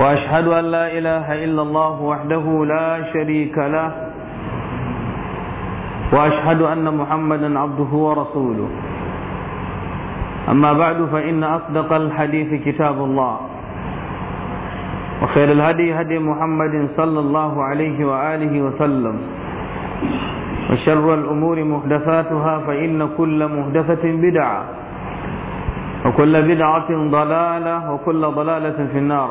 وأشهد أن لا إله إلا الله وحده لا شريك له وأشهد أن محمدا عبده ورسوله أما بعد فإن أصدق الحديث كتاب الله وخير الهدي هدي محمد صلى الله عليه وآله وسلم وشر الأمور محدثاتها فإن كل محدثة بدعة وكل بدعة ضلالة وكل ضلالة في النار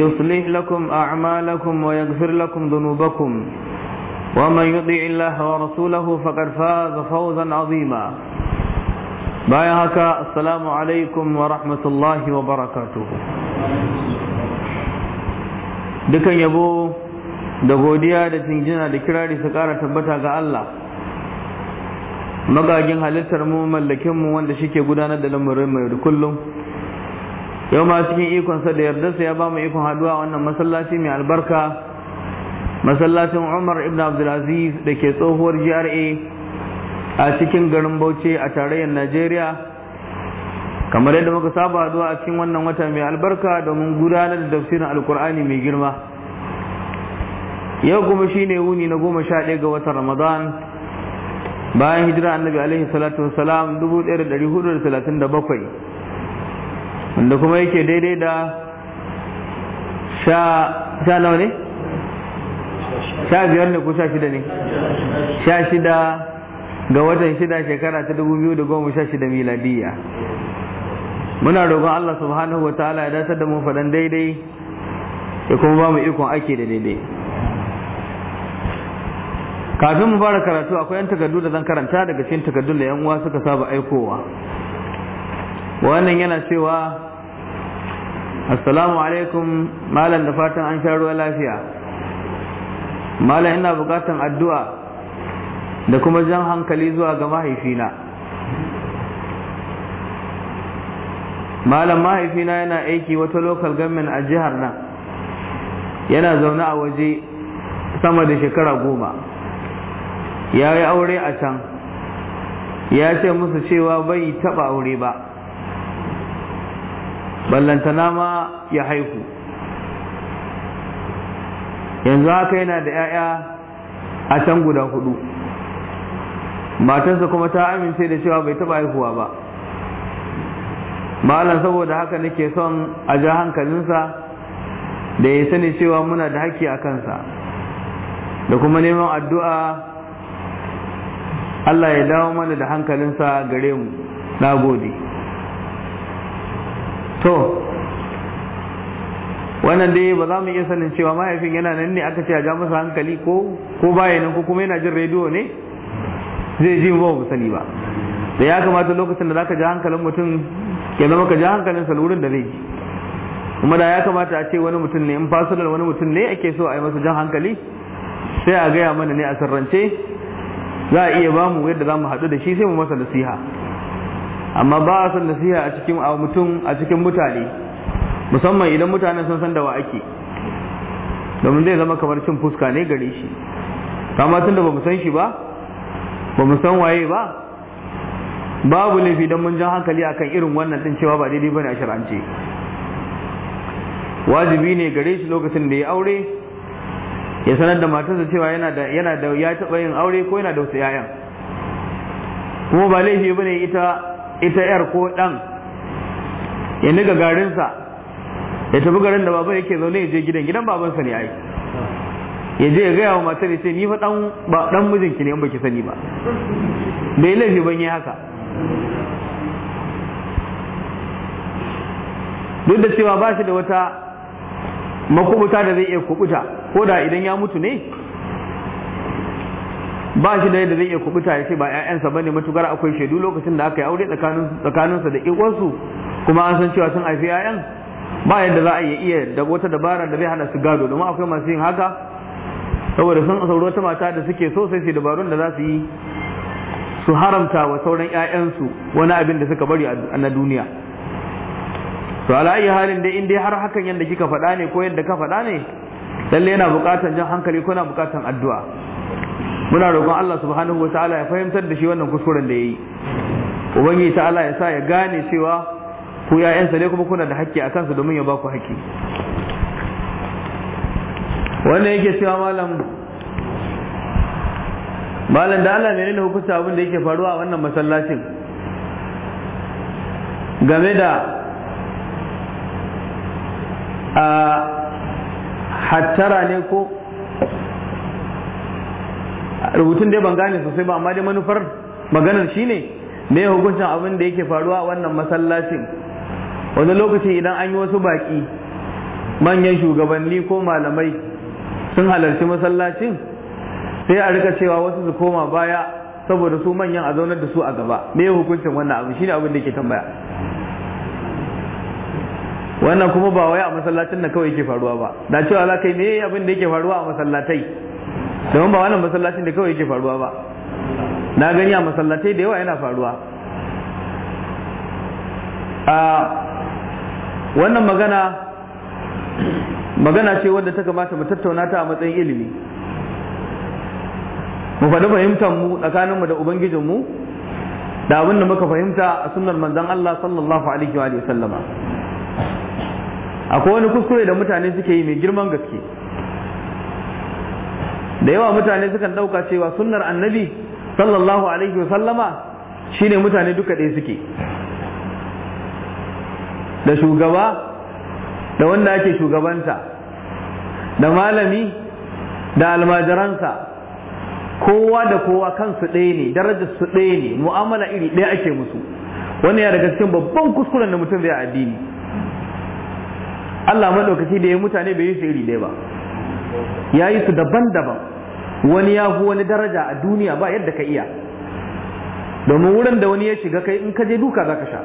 يصلح لكم أعمالكم ويغفر لكم ذنوبكم ومن يطع الله ورسوله فقد فاز فوزا عظيما بايعك السلام عليكم ورحمة الله وبركاته dukan yabo da godiya da jinjina da kirari su kara tabbata ga Allah magagin halittar mu mallakin mu wanda shike gudanar da lamarin mai kullum yau ma cikin ikonsa da yardarsa ya ba mu ikon haduwa wannan masallaci mai albarka masallacin umar ibn abdulaziz da ke tsohuwar gra a cikin garin bauchi a tarayyar najeriya kamar yadda muka saba haduwa a cikin wannan wata mai albarka domin gudanar da tafsirin alkur'ani mai girma yau kuma shine wuni na goma sha ɗaya ga watan ramadan bayan hijira annabi alaihi salatu wasalam 1437 wanda kuma yake daidai da sha nawa ne? sha biyar ne ko sha shida ne? sha shida ga watan shida shekara ta dubu biyu da goma sha shida miladiyya muna roƙon Allah subhanahu wa ta'ala ya dace da mu faɗan daidai ya kuma ba mu ikon ake da daidai kafin mu fara karatu akwai yan takardu da zan karanta daga cikin takardun da yan uwa suka saba aikowa wannan yana cewa assalamu alaikum malam da fatan an sha ruwa lafiya malam ina bukatan addu'a da kuma jan hankali zuwa ga mahaifina malam mahaifina yana aiki wata local government a jihar nan yana zaune a waje sama da shekara goma ya yi aure a can ya ce musu cewa bai taba aure ba Ballanta nama ya haihu yanzu haka yana da 'ya'ya a can guda hudu matarsa kuma ta amince da cewa bai taba haihuwa ba malam saboda haka nake son a ji hankalinsa da ya sani cewa muna da haƙƙi a kansa da kuma neman addu'a Allah ya dawo mana da hankalinsa gare mu na gode to wannan dai ba za mu iya sanin cewa mahaifin yana nan ne aka ce a ja masa hankali ko ko baya nan ko kuma yana jin rediyo ne zai ji ba mu sani ba da ya kamata lokacin da zaka ja hankalin mutum ya zama ka ja hankalin salurin da zai kuma da ya kamata a ce wani mutum ne in fasular wani mutum ne ake so a yi masa jan hankali sai a gaya mana ne a sirrance za a iya mu yadda za mu haɗu da shi sai mu masa nasiha amma ba a son nasiha a cikin a mutum a cikin mutane musamman idan mutane sun san da wa ake domin zai zama kamar cin fuska ne gare shi amma tun da ba mu san shi ba ba mu san waye ba babu laifi don mun jan hankali akan irin wannan din cewa ba daidai ba ne a shar'ance wajibi ne gare shi lokacin da ya aure ya sanar da matarsa cewa yana da ya taɓa yin aure ko yana da wasu yayan kuma ba laifi ba ne ita ita yar ko ɗan, ya niga garinsa ya tafi garin da baban yake zaune ya je gidan gidan babansa ne ai ya je ya gaya wa matar ya ce ni fa dan ba dan mijinki ne in baki sani ba bai laifi ban yi haka duk da cewa ba shi da wata makubuta da zai iya kubuta ko da idan ya mutu ne ba shi da yadda zai iya kubuta ya ce ba ƴaƴansa bane matukar akwai shaidu lokacin da aka yi aure tsakaninsa da ikonsu kuma an san cewa sun haifi 'yayan ba yadda za a iya iya da wata dabara da zai hana su gado domin akwai masu yin haka saboda sun sauro wata mata da suke so sai su dabarun da za su yi su haramta wa sauran yayansu wani abin da suka bari a na duniya to ala ayi halin dai in dai har hakan yadda kika faɗa ne ko yadda ka faɗa ne lalle yana buƙatar jan hankali ko yana buƙatar addu'a muna roƙon Allah subhanahu wa ta'ala ya fahimtar da shi wannan kuskuren da ya ubangi ubangiji Allah ya sa ya gane cewa ku ya'yansa ne kuma kuna da hakki a kansu domin ya ba ku hakki wannan yake cewa malam malam da Allah menene hukunta abin da yake faruwa a wannan masallacin game da a hattara ne ko rubutun dai ban gane sosai ba amma dai manufar maganar shine me hukuncin abin da yake faruwa a wannan masallacin wani lokaci idan an yi wasu baki manyan shugabanni ko malamai sun halarci masallacin sai a rika cewa wasu su koma baya saboda su manyan a zaunar da su a gaba me hukuncin wannan shi shine abin da yake tambaya wannan kuma ba wai a masallacin da kawai yake faruwa ba da cewa za ka yi me abin da yake faruwa a masallatai domin ba wannan masallacin da kawai yake faruwa ba na gani a masallatai da yawa yana faruwa a wannan magana magana ce wadda ta kamata mu tattauna ta a matsayin ilimi mu faɗi fahimtar mu tsakaninmu da ubangijinmu da abin da muka fahimta a sunnar manzon Allah sallallahu alaihi wa sallama akwai wani kuskure da mutane suke yi mai girman gaske da yawa mutane sukan ɗauka cewa sunnar annabi sallallahu alaihi wa sallama shine mutane duka ɗaya suke da shugaba da wanda ake shugabanta da malami da almajiransa kowa da kowa kansu ɗaya ne darajar su ɗaya ne mu'amala iri ɗaya ake musu Wani ya daga cikin babban kuskuren da mutum zai addini Allah maɗaukaki da ya mutane bai yi su iri ɗaya ba ya yi su daban-daban wani ya fi wani daraja a duniya ba yadda ka iya domin wurin da wani ya shiga kai in ka je duka za ka sha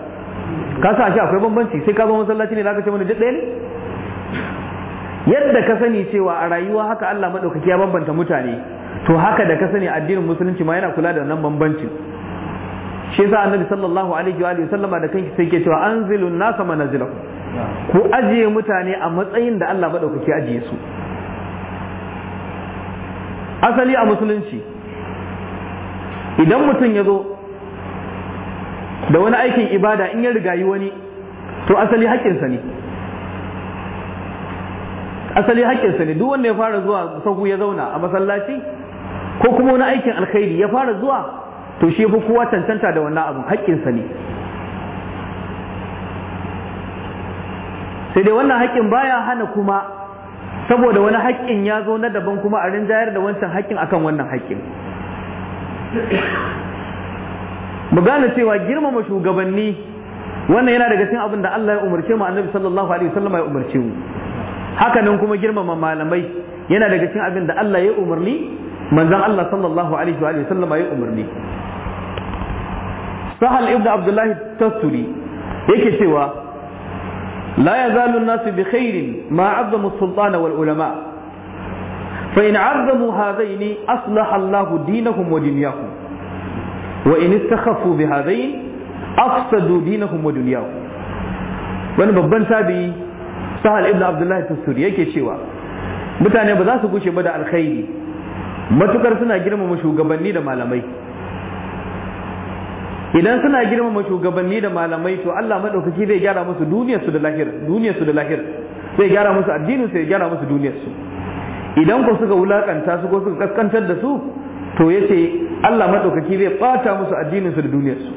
ka sa shi akwai bambanci sai ka zo masallaci ne za ka ce mana ɗaya ne yadda ka sani cewa a rayuwa haka Allah maɗaukaki ya bambanta mutane to haka da ka sani addinin musulunci ma yana kula da wannan bambancin shi yasa annabi sallallahu alaihi wa sallama da kanki sai ke cewa anzilun nasa manazilahu ku ajiye mutane a matsayin da Allah maɗaukaki ajiye su asali a musulunci idan mutum ya zo da wani aikin ibada in ya rigayi wani to asali haƙƙinsa ne asali haƙƙinsa ne duk wanda ya fara zuwa sahu ya zauna a masallaci ko kuma wani aikin alkhairi ya fara zuwa to shi fi kowa cancanta da wannan abu haƙƙinsa ne sai dai wannan haƙƙin baya hana kuma saboda wani haƙƙin ya zo na daban kuma a rinjayar da wancan haƙƙin akan wannan haƙƙin mu gane cewa girmama shugabanni wannan yana daga cikin abin da Allah ya umarce mu annabi sallallahu alaihi wasallam ya umarce mu haka nan kuma girmama malamai yana daga cikin abin da Allah ya umarni manzon Allah sallallahu alaihi wa sallam ya umarni sahal ibn abdullahi tasuri yake cewa لا يزال الناس بخير ما عظموا السلطان والعلماء فإن عظموا هذين أصلح الله دينهم ودنياهم وإن استخفوا بهذين أفسدوا دينهم ودنياهم wani babban sabi sahal ibn abdullahi tusturi yake cewa mutane ba za su gushe ba da alkhairi matukar suna girmama shugabanni da malamai idan suna girmama shugabanni da malamai to Allah madaukaki zai gyara musu duniyar su da lahir duniyar su da lahir zai gyara musu addinin su ya gyara musu duniyar su idan ko suka wulakanta su ko suka kaskantar da su to yace Allah madaukaki zai bata musu addinin su da duniyar su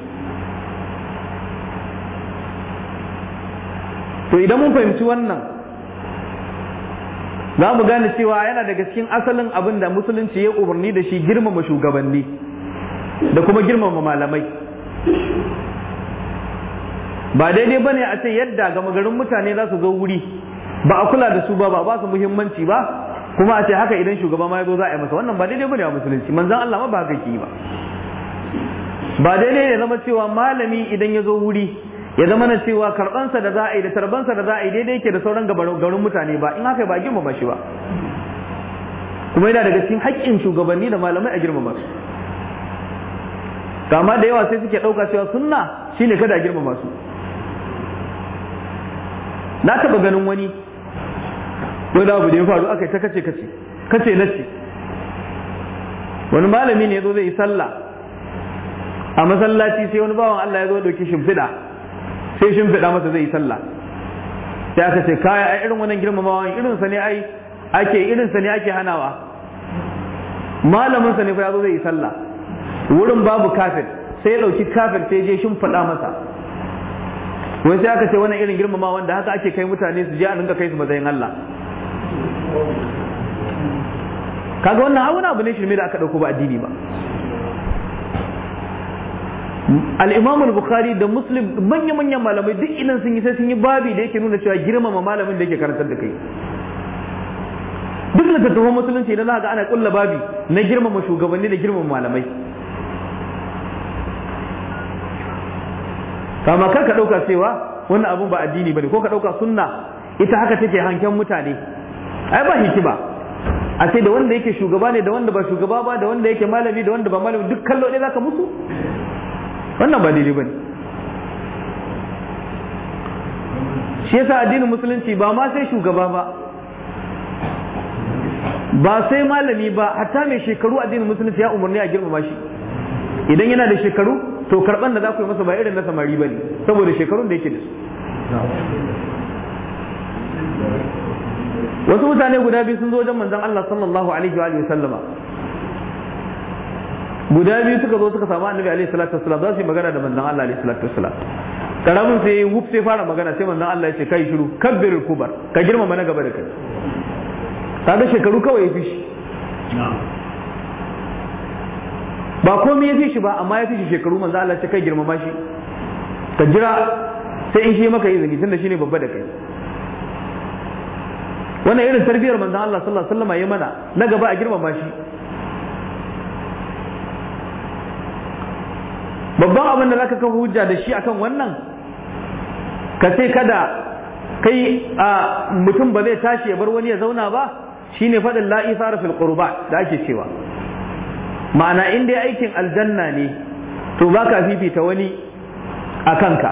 to idan mun fahimci wannan za mu gane cewa yana daga cikin asalin abin da musulunci ya umarni da shi girmama shugabanni da kuma girmama malamai ba daidai ba ne a ce yadda gama garin mutane za su zo wuri ba a kula da su ba ba ba su muhimmanci ba kuma a ce haka idan shugaba ma ya zo za a yi masa wannan ba daidai ba ne a musulunci manzan Allah ma ba haka ki ba ba daidai ne zama cewa malami idan ya zo wuri ya zama na cewa karbansa da za a yi da tarbansa da za a yi daidai yake da sauran garin mutane ba in haka ba a girmama shi ba kuma yana daga cikin haƙƙin shugabanni da malamai a girmama su to amma da yawa sai suke ɗauka cewa sunna shine kada girmama su na taɓa ganin wani wani abu da ya faru aka ta kace kace kace na ce wani malami ne ya zo zai yi sallah a masallaci sai wani bawan Allah ya zo dauki shimfiɗa sai shimfiɗa masa zai yi sallah sai aka ce kaya ai irin wannan girmamawa irin sa ne ai ake irin sa ne ake hanawa malamin sa ne fa ya zo zai yi sallah wurin babu kafir sai ya ɗauki kafir sai je faɗa masa wai sai aka ce wani irin girmama wanda haka ake kai mutane su je a dinga kai su matsayin Allah kaga wannan abu abu ne shirme da aka ɗauko ba addini ba al-imam al-bukhari da muslim manya-manyan malamai duk idan sun yi sai sun yi babi da yake nuna cewa girmama malamin da yake karantar da kai duk da littattafan musulunci na za ga ana kulla babi na girmama shugabanni da girmama malamai kama kar ka ɗauka cewa wannan abun ba addini bane ko ka ɗauka sunna ita haka take hanken mutane ai ba hikima a ce da wanda yake shugaba ne da wanda ba shugaba ba da wanda yake malami da wanda ba malami duk kallo ne zaka musu wannan ba daidai bane shi yasa addinin musulunci ba ma sai shugaba ba ba sai malami ba hatta mai shekaru addinin musulunci ya umarni a girmama shi idan yana da shekaru to karban da za ku yi masa ba irin na samari ba ne saboda shekarun da yake da su wasu mutane guda biyu sun zo wajen manzon Allah sallallahu alaihi wa sallama guda biyu suka zo suka samu annabi alaihi salatu wassalam za su yi magana da manzon Allah alaihi salatu wassalam karamin sai yi wuf sai fara magana sai manzon Allah ya ce kai shiru kabbir kubar ka girmama na gaba da kai kaga shekaru kawai ya fi shi ba komai ya fi shi ba amma ya fi shi shekaru manzo Allah ta kai girmama shi ka jira sai in shi maka izini tunda shine babba da kai wannan irin tarbiyar manzo Allah sallallahu alaihi wasallam mana na gaba a girmama shi babban abin da zaka kafa hujja da shi akan wannan ka sai kada kai a mutum ba zai tashi ya bar wani ya zauna ba shine faɗin la'i fil qurba da ake cewa ma'ana in dai aikin aljanna ne to ba ka fifita wani a kanka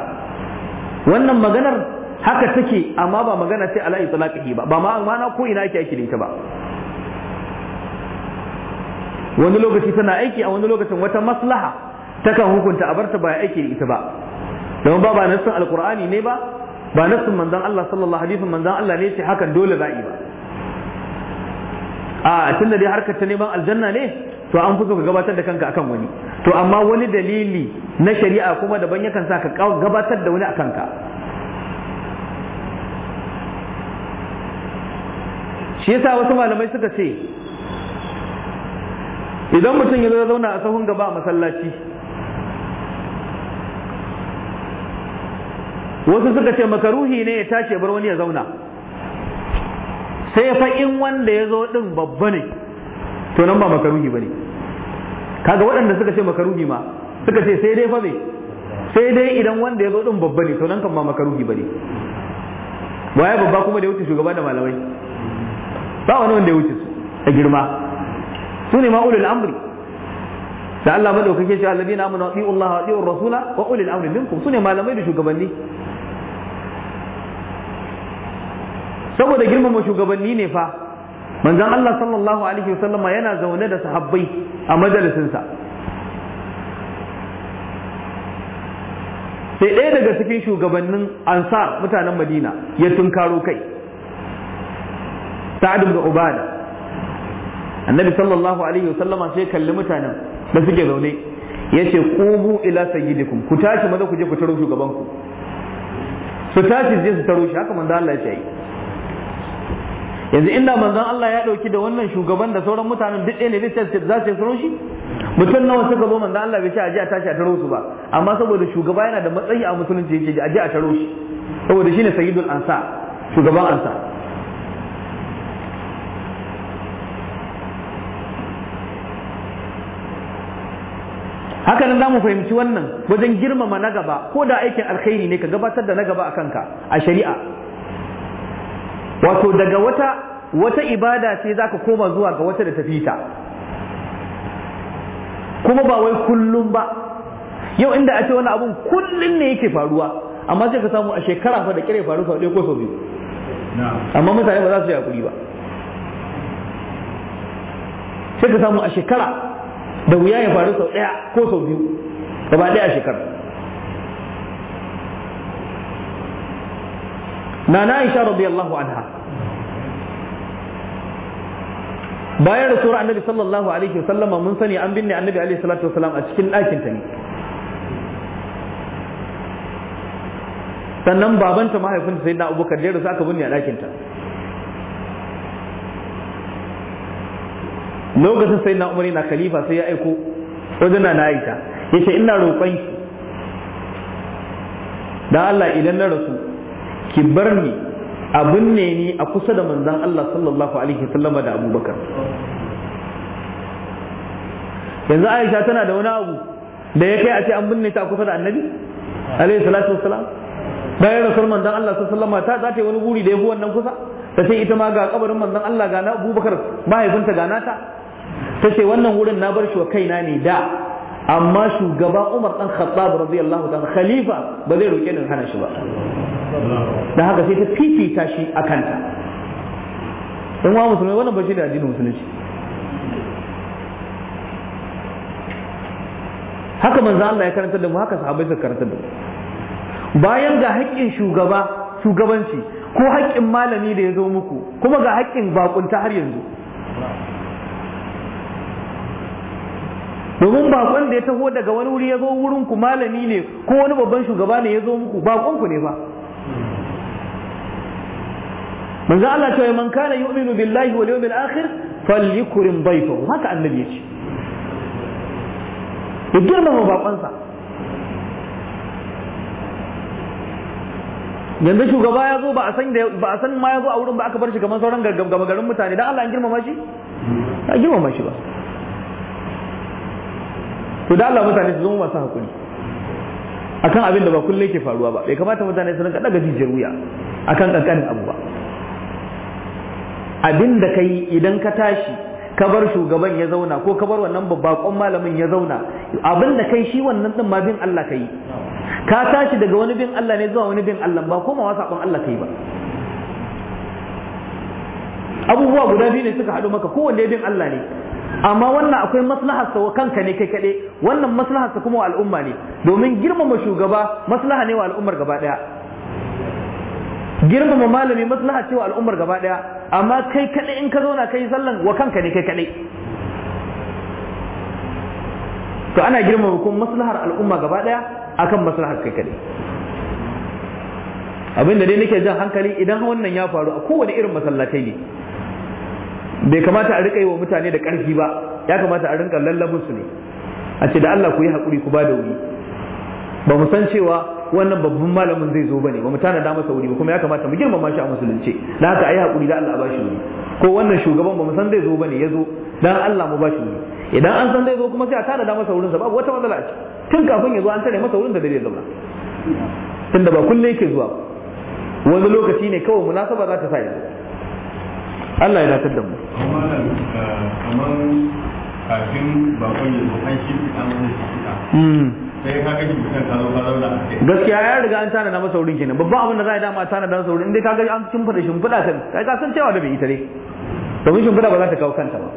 wannan maganar haka take amma ba magana ce ala itlaqihi ba ba ma ma'ana ko ina ake aiki da ita ba wani lokaci tana aiki a wani lokacin wata maslaha takan hukunta a barta ba aiki da ita ba don ba ba nassin alqur'ani ne ba ba nassin manzon Allah sallallahu alaihi wasallam manzon Allah ne ce hakan dole za'i ba a tunda dai harkar ta neman aljanna ne to an fi so ka gabatar da kanka akan wani to amma wani dalili na shari'a kuma daban yakan sa ka gabatar da wani a kanka. shi yasa wasu malamai suka ce idan mutum ya zauna a sahun gaba a masallaci wasu suka ce makaruhi ne ya tashi bar wani ya zauna sai fa in wanda ya zo din babba ne to nan ba makaruhi bane kaga waɗanda suka ce makaruhi ma suka ce sai dai fa me sai dai idan wanda ya zo din babba ne to nan kan ba makaruhi bane waye babba kuma da ya wuce shugaba da malamai ba wani wanda ya wuce su a girma su ne ma ulul amri da Allah madaukake shi alladina amanu wa Allah wa atiur rasula wa ulul amri minkum sune malamai da shugabanni saboda girmama shugabanni ne fa manzon Allah sallallahu alaihi wasallama yana zaune da sahabbai a majalisinsa sai ɗaya daga cikin shugabannin ansar mutanen madina ya tunkaro kai sa'ad ibn ubada annabi sallallahu alaihi wasallama sai kalli mutanen da suke zaune yace qumu ila sayyidikum ku tashi maza ku je ku taro shugabanku su tashi je su taro shi haka manzo Allah ya ce yanzu inda manzon Allah ya dauki da wannan shugaban da sauran mutanen duk ɗaya ne bisa za su tsaro shi mutum nawa suka zo manzon Allah bai ce aje a tashi a taro su ba amma saboda shugaba yana da matsayi a musulunci yake aje a taro shi saboda shine sayyidul ansa shugaban ansa haka nan zamu fahimci wannan wajen girmama na gaba ko da aikin alkhairi ne ka gabatar da na gaba a kanka a shari'a wato daga wata wata ibada sai zaka koma zuwa ga wata da tafi ta kuma ba wai kullum ba yau inda a ce wani abun kullum ne yake faruwa amma sai ka samu a shekara fa da kire faru sau ɗaya ko sau biyu amma mutane ba za su yi hakuri ba sai ka samu a shekara da wuya ya faru sau ɗaya ko sau biyu gaba ɗaya a shekara na na Aisha radiyallahu anha bayan rasuwar annabi sallallahu alaihi wasallama mun sani an binne annabi alaihi salatu wasallam a cikin ɗakin ta ne sannan babanta mahaifinta sai na abubakar da rasu aka binne a ɗakin ta lokacin sai na umar yana kalifa sai ya aiko wajen na ya yace ina roƙon da Allah idan na rasu ki bar ni abin ne ni a kusa da manzan Allah sallallahu alaihi wasallam da abubakar yanzu aisha tana da wani abu da ya kai a ce an binne ta a kusa da annabi alaihi salatu wasalam bayan rasul manzan Allah sallallahu alaihi wasallam ta za wani guri da ya fi wannan kusa ta ce ita ma ga kabarin manzan Allah ga na abubakar mahaifinta ga nata ta ce wannan wurin na bar shi wa kaina ne da amma shugaba Umar dan Khattab radiyallahu ta'ala khalifa ba zai roke ni hana shi ba da haka sai ta fifita shi a kanta in wa musulmai wannan ba shi da addinin musulunci haka manzo Allah ya karanta da mu haka sahabbai suka karanta da mu bayan ga haƙƙin shugaba shugabanci ko haƙƙin malami da ya zo muku kuma ga haƙƙin bakunta har yanzu domin bakon da ya taho daga wani wuri ya zo wurin ku malami ne ko wani babban shugaba ne ya zo muku bakon ku ne ba manzo Allah cewa man kana yu'minu billahi wal yawmil akhir falyukrim dayfahu haka annabi yace ya girmama sa. yanzu shugaba ya zo ba a san ba a san ma ya zo a wurin ba aka bar shi kamar sauran gaba garin mutane dan Allah an girmama shi ba girmama shi ba to da Allah mutane su zama masu hakuri akan abin da ba kullum ke faruwa ba bai kamata mutane su rinka daga jijiyar wuya akan kankanin abu ba abin da kai idan ka tashi ka bar shugaban ya zauna ko ka bar wannan babbakon malamin ya zauna abin da kai shi wannan din ma bin Allah ka yi. ka tashi daga wani bin Allah ne zuwa wani bin Allah ba komawa sabon Allah ka yi ba abubuwa guda biyu ne suka haɗu maka kowanne bin Allah ne amma wannan akwai maslaharsa wa kanka ne kai kaɗai wannan sa kuma wa al'umma ne domin girmama shugaba maslaha ne wa al'ummar gaba ɗaya girmama malami maslaha ce wa al'ummar gaba ɗaya amma kai kadai in ka zauna kai sallan wa kanka ne kai kadai to ana girmama kuma maslahar al'umma gaba daya akan maslahar kai kadai abin da dai nake jan hankali idan wannan ya faru a kowane irin masallatai ne bai kamata a rika yi wa mutane da ƙarfi ba ya kamata a rinka lallabin su ne a ce da Allah ku yi hakuri ku ba da wuri ba mu san cewa wannan babban malamin zai zo bane ba mu tana da masa wuri ba kuma ya kamata mu girmama shi a musulunci dan haka ayi hakuri da Allah ba shi wuri ko wannan shugaban ba mu san zai zo bane ya zo dan Allah mu ba shi wuri idan an san zai zo kuma sai a tana da masa wurin sa babu wata matsala a tun kafin ya zo an tare masa wurin da zai zauna tunda ba kullum yake zuwa wani lokaci ne kawai munasaba za ta sa yi Allah ya datar da mu eh, kamar kafin bakon ya zo an shi an gaskiya ya riga an tana na masa wurin kenan babban abin da za a yi dama tana da masa wurin inda ka ga an shimfiɗa shimfida ta kai ka san cewa da bai ita ne domin shimfida ba za ta kawo kanta ba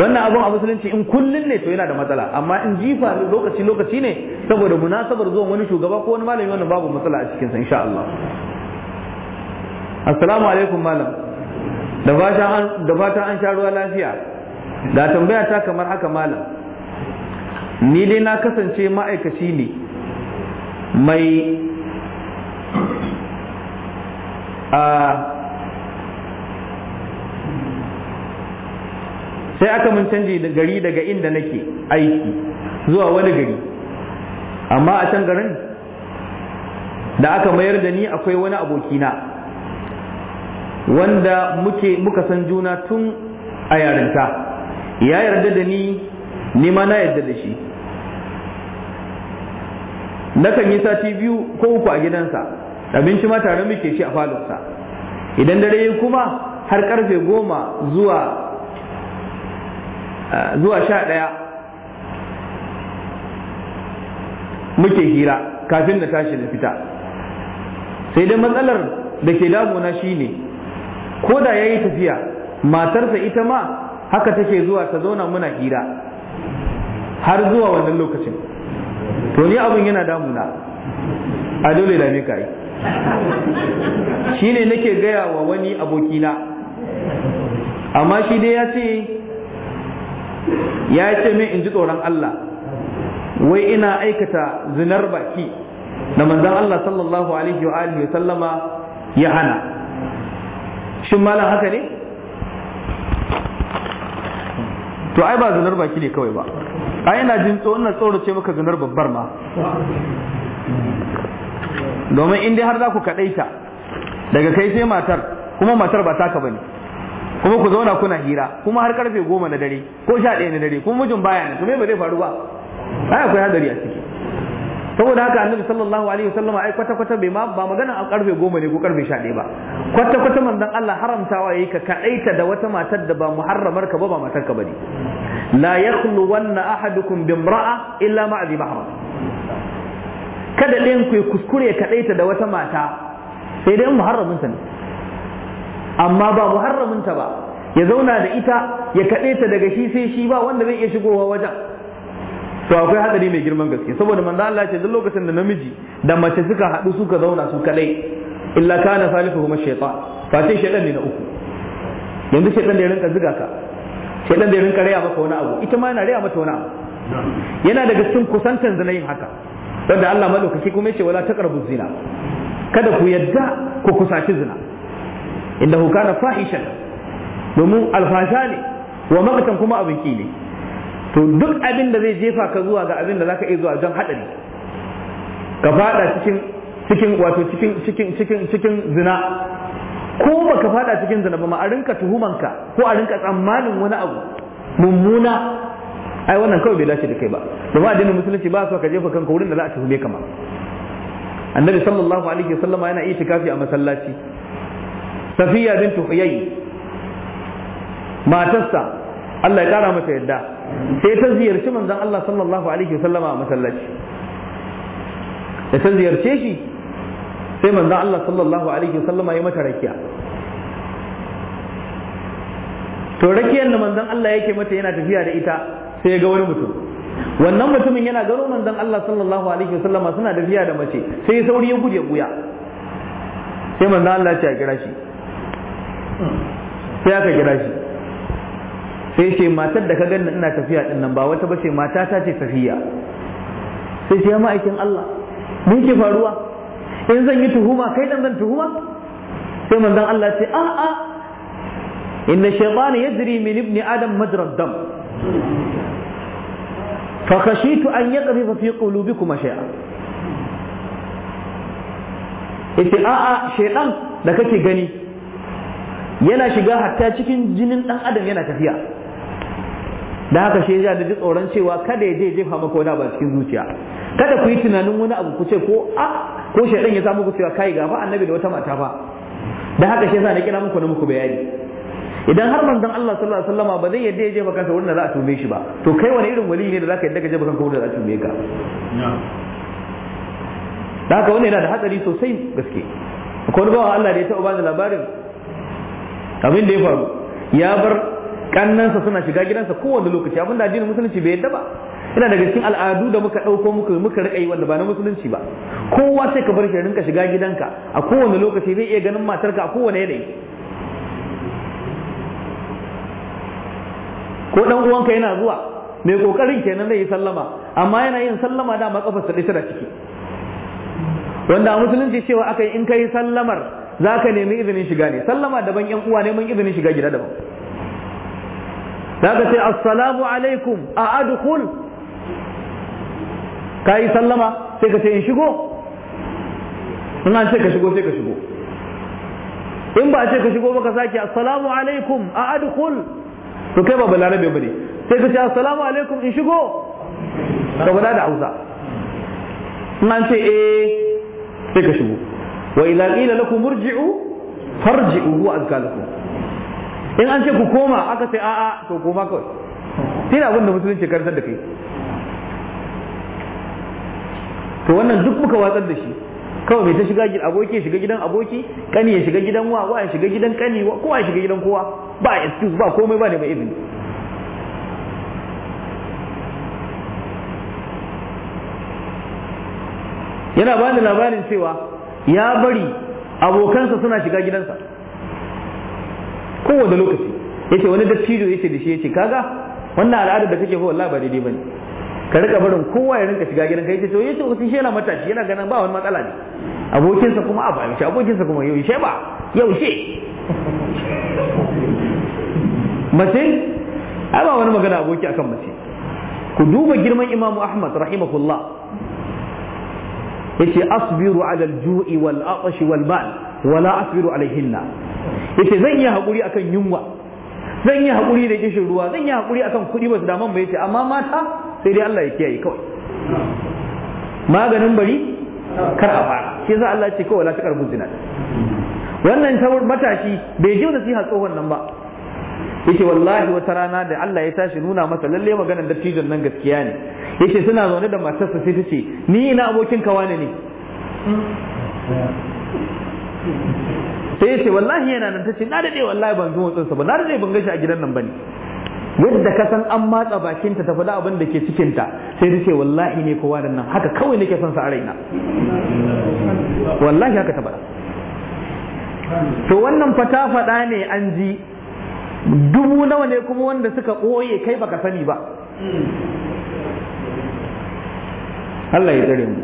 wannan abun a musulunci in kullun ne to yana da matsala amma in jifa lokaci lokaci ne saboda munasabar zuwan wani shugaba ko wani malami wannan babu matsala a cikin sa insha Allah assalamu alaikum malam da fatan an sha ruwa lafiya da tambaya ta kamar haka malam ni dai na kasance ma'aikaci ne mai a sai aka mun canji gari daga inda nake aiki zuwa wani gari amma a can garin da aka mayar da ni akwai wani abokina wanda muke muka san juna tun a yarinta ya yarda da ni ni ma na yarda da shi nakan yi sati biyu ko uku a gidansa abinci ma tare muke shi a falonsa idan dare yi kuma har karfe goma zuwa zuwa sha ɗaya muke hira kafin na tashi na fita sai dai matsalar da ke damuna shine ko da ya yi tafiya matarsa ita ma haka take zuwa ta zauna muna hira har zuwa wannan lokacin to ni abin yana damuna a dole da ne ka yi ne nake gaya wa wani abokina amma shi dai ya ce ya ce min in ji tsoron Allah wai ina aikata zinar baki da manzan Allah sallallahu alaihi wa alihi wa sallama ya hana shin malam haka ne to ai ba zinar baki ne kawai ba a yana jin tsoro tsorace maka ganar babbar ma domin in dai har za ku kaɗaita daga kai sai matar kuma matar ba taka bane kuma ku zauna kuna hira kuma har karfe goma na dare ko sha ɗaya na dare kuma mijin baya ne kuma ba zai faru ba ai akwai hadari a ciki saboda haka annabi sallallahu alaihi wasallam ai kwata kwata bai ma ba magana a karfe goma ne ko karfe sha ɗaya ba kwata kwata manzon Allah haramtawa yayi ka kaɗaita da wata matar da ba muharramar ka ba ba matar ka bane la yakhlu wanna ahadukum bimra'a illa ma'a zi kada ɗayan ku kuskure kaɗaita da wata mata sai dai muharramin ta ne amma ba muharramin ta ba ya zauna da ita ya kaɗaita daga shi sai shi ba wanda zai iya shigowa wajen to akwai hadari mai girman gaske saboda manzo Allah ce duk lokacin da namiji da mace suka haɗu suka zauna su kadai illa kana salifuhum ash-shaytan fa sai shaytan ne na uku yanzu shaytan da ya rinka ziga ka shaidan zai rinka raya maka wani abu ita ma yana raya mata wani abu yana daga cikin kusantan zina yin haka wanda Allah madaukaki kuma yace wala taqrabu zina kada ku yadda ku kusaci zina hu kana fahishan domin alfasha ne wa maqtan kuma abin ne to duk abin da zai jefa ka zuwa ga abin da zaka iya zuwa don hadari ka faɗa cikin cikin wato cikin cikin cikin zina ko baka fada cikin zina ba ma a rinka tuhumanka ko a rinka tsammanin wani abu mummuna ai wannan kawai bai dace da kai ba domin addinin musulunci ba su ka jefa kanka wurin da za a tuhume ka ma annabi sallallahu alaihi wasallam yana tikafi a masallaci safiya bintu huyay matarsa Allah ya kara mata yadda sai ta ziyarci manzon Allah sallallahu alaihi wasallam a masallaci da ta ziyarce shi sai manzo Allah sallallahu alaihi wasallama ya mata rakiya to rakiyar da manzon Allah yake mata yana tafiya da ita sai ya ga wani mutum wannan mutumin yana gano manzon Allah sallallahu alaihi wasallama suna tafiya da mace sai sauri ya gude guya sai manzo Allah ya kira shi sai aka kira shi sai ce matar da ka ganna ina tafiya din nan ba wata ba bace mata ta ce tafiya sai ce ma aikin Allah me ke faruwa in zan yi tuhuma kai dan zan tuhuma sai manzon Allah ce a ah, a ah, inna shaytana yajri min ibni adam majra dam fa khashitu an yaqdhifa fi qulubikum shay'a yace a ah, a shaytan da kake gani yana shiga hatta cikin jinin dan adam yana tafiya da haka shi ya da ji tsoron cewa kada ya je jefa maka wani abu a cikin zuciya kada ku yi tunanin wani abu ku ce ko a ko shaidan ya samu ku cewa kai ga ba annabi da wata mata ba da haka shi yasa na kira muku na muku bayani idan har manzon Allah sallallahu alaihi wasallama ba zai yadda ya jefa kansa wannan za a tume shi ba to kai wani irin wali ne da zaka yadda ka jefa kanka wannan za a tume ka da haka wannan yana da hatsari sosai gaske akwai wani bawa Allah da ya taɓa bani labarin abin da ya faru ya bar kannansa suna shiga gidansa kowane lokaci abinda addinin musulunci bai yadda ba yana daga cikin al'adu da muka ɗauko muka muka rika yi wanda ba na musulunci ba kowa sai ka bar shi rinka shiga gidanka a kowane lokaci zai iya ganin matarka a kowane yanayi ko dan uwanka yana zuwa mai kokarin kenan zai yi sallama amma yana yin sallama da ma kafarsa dai tana ciki wanda a musulunci cewa aka in kai sallamar zaka nemi izinin shiga ne sallama daban yan uwa neman izinin shiga gida daban zaka ce assalamu alaikum a adkhul kai sallama sai ka ce in shigo Ina ce ka shigo sai ka shigo in ba a ce ka shigo ba ka sake assalamu alaikum a adkhul to kai ba balarabe bane sai ka ce assalamu alaikum in shigo ka guda da Hausa Ina ce eh sai ka shigo wa ila qila lakum murji'u farji'u huwa azka lakum in an ce ku koma aka sai a'a to koma kawai sai da abinda musulunci karsar da kai to wannan duk muka watsar da shi kawai mai ta shiga gidan aboki shiga gidan aboki kani ya shiga gidan wa wa ya shiga gidan kani wa kowa ya shiga gidan kowa ba excuse ba komai ba ne mai izini yana ba da labarin cewa ya bari abokansa suna shiga gidansa kowane lokaci yace wani dattijo yace da shi yace kaga wannan al'adar da kake fa wallahi ba daidai bane ka rika barin kowa ya rinka shiga gidan kai to yace wasu shi yana matashi yana ganin ba wani matsala ne abokinsa kuma a shi, abokinsa kuma yau she ba yau she mace ai ba wani magana aboki akan mace ku duba girman imamu ahmad rahimahullah yace asbiru ala al-ju'i wal atash wal bal? wala asbiru alaihinna yace zan yi hakuri akan yunwa zan yi hakuri da kishin ruwa zan yi hakuri akan kuɗi ba su daman ba yace amma mata sai dai Allah ya kiyaye kawai maganin bari kar a fara shi yasa Allah ya ce kawai la taqrabu zina wannan tabar matashi bai ji siha tsohon nan ba yace wallahi wata rana da Allah ya tashi nuna masa lalle maganar dattijon nan gaskiya ne yace suna zaune da matarsa sai ta ce ni ina abokin kawane ne sai ce wallahi yana nan tace na dade wallahi ban ga sa ba na dade ban gashi a gidan nan bane yadda ka san an matsa bakinta ta faɗa abin da ke cikinta sai ta ce wallahi ne kowa da nan haka kawai nake son sa a raina wallahi haka ta faɗa to wannan fata faɗa ne an ji dubu nawa ne kuma wanda suka ɓoye kai baka sani ba Allah ya tsare mu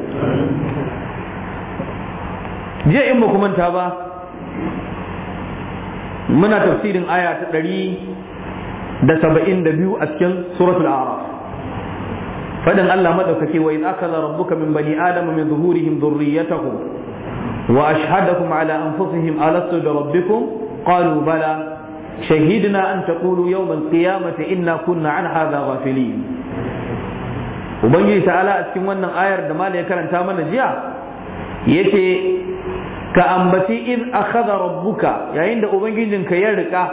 jiya in ba manta ba muna tafsirin aya ta ɗari da saba'in da biyu a cikin suratul araf fadin Allah maɗaukaki wa in akaza rabbuka min bani adama min zuhurihim dhurriyyatahum wa ashhadakum ala anfusihim alastu bi rabbikum qalu bala shahidna an taqulu yawm qiyamati inna kunna an hadha ghafilin ubangiji ta'ala a cikin wannan ayar da malai ya karanta mana jiya yace ka ambaci in akhadha rabbuka yayin da ubangijin ka ya rika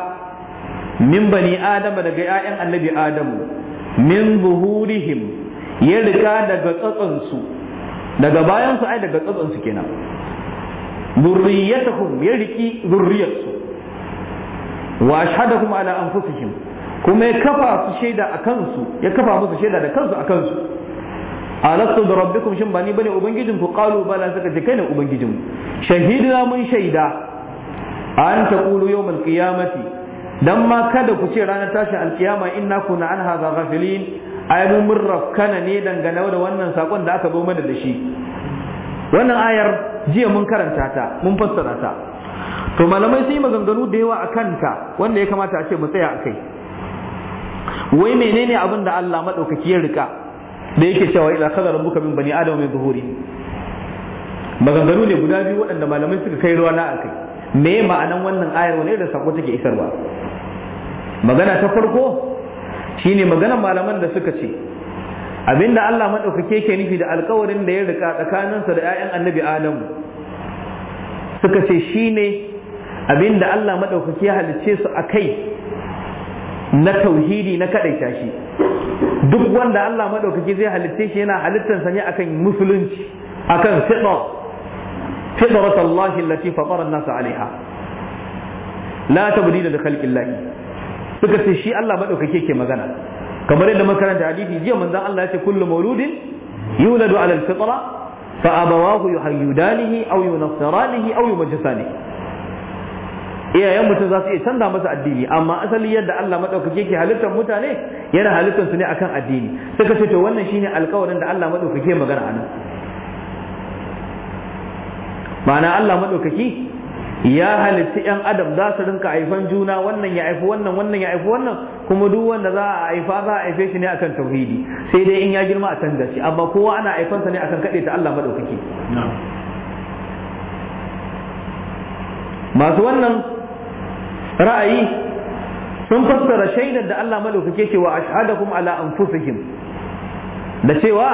min bani adama daga 'ya'yan annabi adamu min zuhurihim ya rika daga tsatsansu daga bayansu ai daga tsatsansu kenan zurriyatahum ya riki zurriyarsu wa ashhadahum ala anfusihim kuma ya kafa su shaida a kansu ya kafa musu shaida da kansu a kansu alastu da rabbikum shin ba ni bane ubangijin ku qalu bala saka ce kai ne ubangijin shahidina mun shaida an taqulu yawmal qiyamati dan ma kada ku ce ranar tashin alkiyama inna kunna an hadha ghafilin ai mun rafkana ne dangane da wannan sakon da aka zo mana da shi wannan ayar jiya mun karanta ta mun fassara ta to malamai sun yi maganganu da yawa a ta wanda ya kamata a ce mu tsaya akai kai wai menene abin da Allah madaukaki ya rika da yake cewa ina kaza rabbuka min bani adam min zuhuri maganganu ne guda biyu waɗanda malamai suka kai ruwa na akai me ma'anan wannan ayar wani da sako take isarwa magana ta farko shine magana malaman da suka ce abinda Allah madaukake ke nufi da alkawarin da ya rika tsakaninsa da 'ya'yan annabi Adamu suka ce shine abinda Allah madaukake ya halicce su akai na tauhidi na kadaita shi duk wanda Allah maɗaukaki zai halitte shi yana halittar sa akan musulunci akan fitra fitrat Allah allati fatara an-nas alaiha la tabdila li khalqillah duka sai shi Allah maɗaukaki ke magana kamar yadda makaranta hadisi jiya manzan Allah ya ce kullu mauludin yuladu ala al-fitra fa abawahu yuhayyidanihi aw yunassiranihi aw yumajjisanihi iyayen mutum za su iya canza masa addini amma asali yadda Allah madaukake ke halittar mutane yana halittar su ne akan addini suka ce to wannan shine alƙawarin da Allah madaukake magana anan ma'ana Allah madaukaki ya halitta yan adam za su rinka haifan juna wannan ya haifi wannan wannan ya haifi wannan kuma duk wanda za a haifa za a haife shi ne akan tauhidi sai dai in ya girma a canza shi amma kowa ana haifansa ne akan kaɗe ta Allah madaukaki masu wannan ra'ayi sun fassara shaidar da Allah madaukake ce wa ashhadakum ala anfusihim da cewa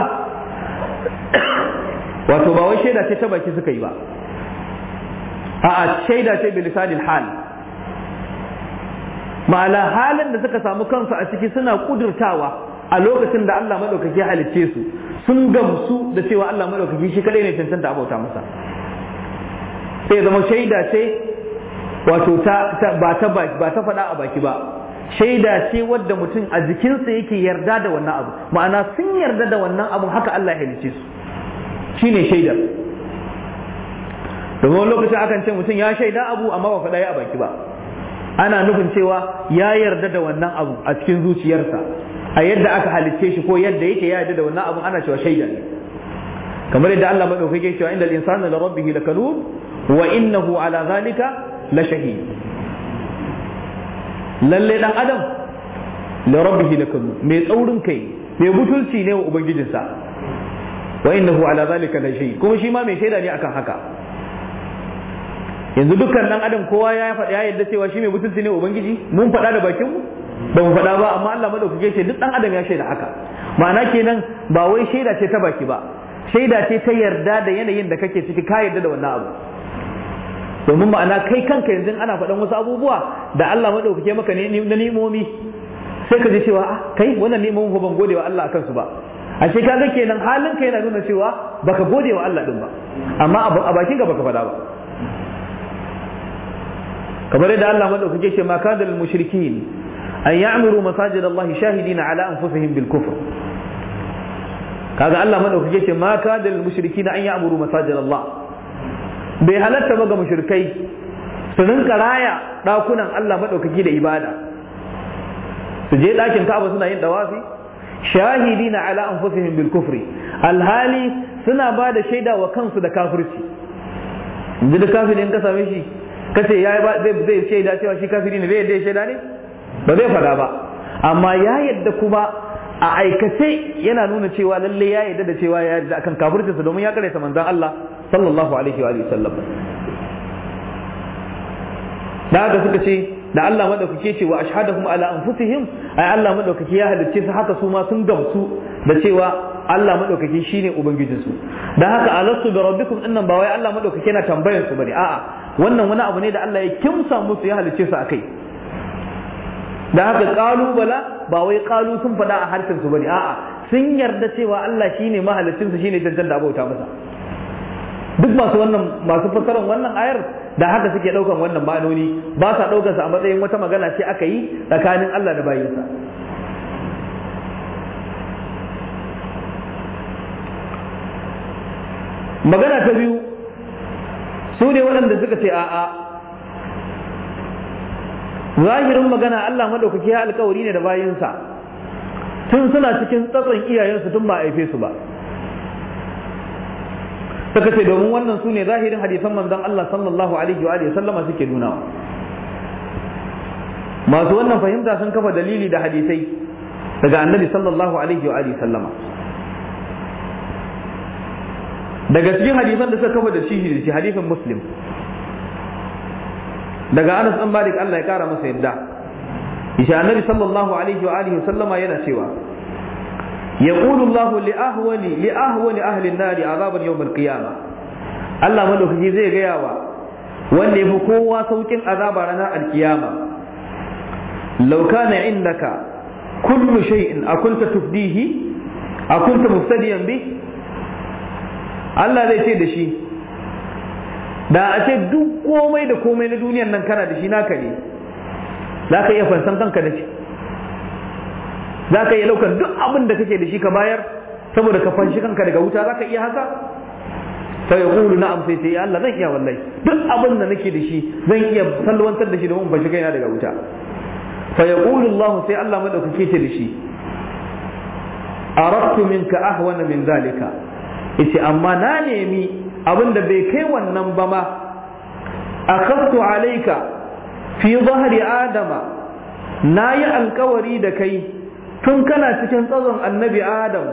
wato ba wai shaida ce ta baki suka yi ba a'a shaida ce lisanil hal ma'ala halin da suka samu kansu a ciki suna kudurtawa a lokacin da Allah madaukake halicce su sun gamsu da cewa Allah madaukake shi kadai ne cancanta abauta masa sai zama shaida ce wato ba ta faɗa a baki ba shaida ce wadda mutum a jikinsa yake yarda da wannan abu ma'ana sun yarda da wannan abu haka Allah ya halice Shi ne shaidar domin wani lokacin akan ce mutum ya shaida abu amma ba faɗa ya a baki ba ana nufin cewa ya yarda da wannan abu a cikin zuciyarsa a yadda aka halicce shi ko yadda yake ya yarda da wannan abu ana cewa shaida kamar yadda Allah madaukake cewa inda al-insanu li rabbihi lakanun wa innahu ala zalika la shahi lalle dan adam la rabbihi lakanu mai tsaurin kai mai butulci ne wa ubangijinsa wa innahu ala zalika la shahid kuma shi ma mai shaida ne akan haka yanzu dukkan dan adam kowa ya faɗa ya yadda cewa shi mai butulci ne ubangiji mun faɗa da bakin mu ba mu faɗa ba amma Allah madaukake ce duk dan adam ya shaida haka ma'ana kenan ba wai shaida ce ta baki ba shaida ce ta yarda da yanayin da kake ciki ka yarda da wannan abu domin ma'ana kai kanka yanzu ana faɗan wasu abubuwa da Allah maɗaukake maka ne na nimomi sai ka ji cewa ah, kai wannan nimomin fa ban gode wa Allah akan su ba ashe kaga kenan halin ka yana nuna cewa baka gode wa Allah din ba amma a bakin ka baka faɗa ba kamar yadda Allah maɗaukake ce ma kada lil mushrikin an ya'muru masajid Allah shahidina ala anfusihim bil kufr kaga Allah maɗaukake ce ma kada lil mushrikin an ya'muru masajid Allah bai halatta ba ga mushirkai su rinka raya dakunan Allah madaukaki da ibada su je dakin Ka'aba suna yin dawafi shahidina ala anfusihim bil kufri alhali suna ba da shaida wa kansu da kafirci yanzu da kafiri in ka same shi kace ya zai shaida cewa shi kafiri ne zai yadda ya shaida ne ba zai faɗa ba amma ya yadda kuma a aikace yana nuna cewa lalle ya yadda da cewa ya yadda akan kafircinsa domin ya karaita manzon Allah sallallahu alaihi wa sallam da haka suka ce da Allah madaukake ce wa ashhadahum ala anfusihim ai Allah madaukake ya halicce su haka su ma sun gamsu da cewa Allah madaukake shine ubangijin su da haka alastu bi rabbikum innan ba wai Allah madaukake yana tambayan su bane a'a wannan wani abu ne da Allah ya kimsa musu ya halicce su akai da haka kalu bala ba wai kalu sun faɗa a harshen su bane a'a sun yarda cewa Allah shine mahalicin su shine dandan da abauta masa duk masu wannan masu fassarar wannan ayar da haka suke daukan wannan ma'anoni ba sa daukar sa a matsayin wata magana ce aka yi tsakanin Allah da bayinsa magana ta biyu su ne waɗanda suka ce a'a zahirin magana Allah madaukaki ya alkawari ne da bayinsa tun suna cikin tsatson iyayensu tun ba a haife su ba suka ce domin wannan su ne zahirin hadisan manzon Allah sallallahu alaihi wa sallama suke nunawa masu wannan fahimta sun kafa dalili da hadisai daga annabi sallallahu alaihi wa sallama daga cikin hadisan da suka kafa da shi shi hadisin muslim daga Anas dan Malik Allah ya kara masa yadda isha annabi sallallahu alaihi wa sallama yana cewa yaqulu Allah li ahwani li ahwani ahli an-nar azaban yawm al-qiyamah Allah madaukaki zai gaya wa wanda yafi kowa saukin azaba ranar al-qiyama law kana indaka kullu shay'in akunta tufdihi akunta bi Allah zai ce da shi da a ce duk komai da komai na duniyan nan kana da shi naka ne za ka iya fansan kanka da shi za ka iya laukar duk abin da kake da shi ka bayar saboda ka fanshi kanka daga wuta za ka iya haka fa ya ƙulu na'am sai sai Allah zan iya wallahi duk abin da nake da shi zan iya salwantar da shi domin fanshi kaina daga wuta fa ya ƙulu Allah sai Allah madaukake ce da shi arattu minka ahwana min zalika yace amma na nemi abin da bai kai wannan ba ma akhaftu alayka fi dhahri adama na yi alkawari da kai tun kana cikin tsazon annabi adam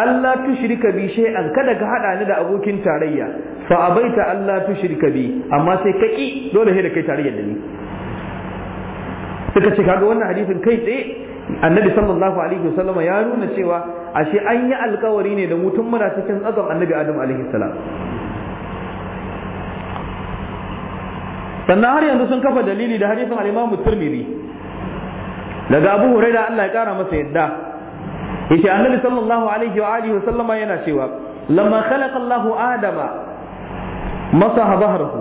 Allah tushrika bi shay'an kada ka haɗa ni da abokin tarayya fa abaita Allah tushrika bi amma sai ka ki dole sai da kai tarayya da ni suka ce kaga wannan hadisin kai tsaye annabi sallallahu alaihi wasallama ya nuna cewa ashe an yi alkawari ne da mutum muna cikin tsazon annabi adam alaihi salam sannan har yanzu sun kafa dalili da hadisin al-imamu tirmidhi daga abu da Allah ya kara masa yadda yace annabi sallallahu alaihi wa alihi sallama yana cewa lamma khalaqa Allahu adama masaha bahrahu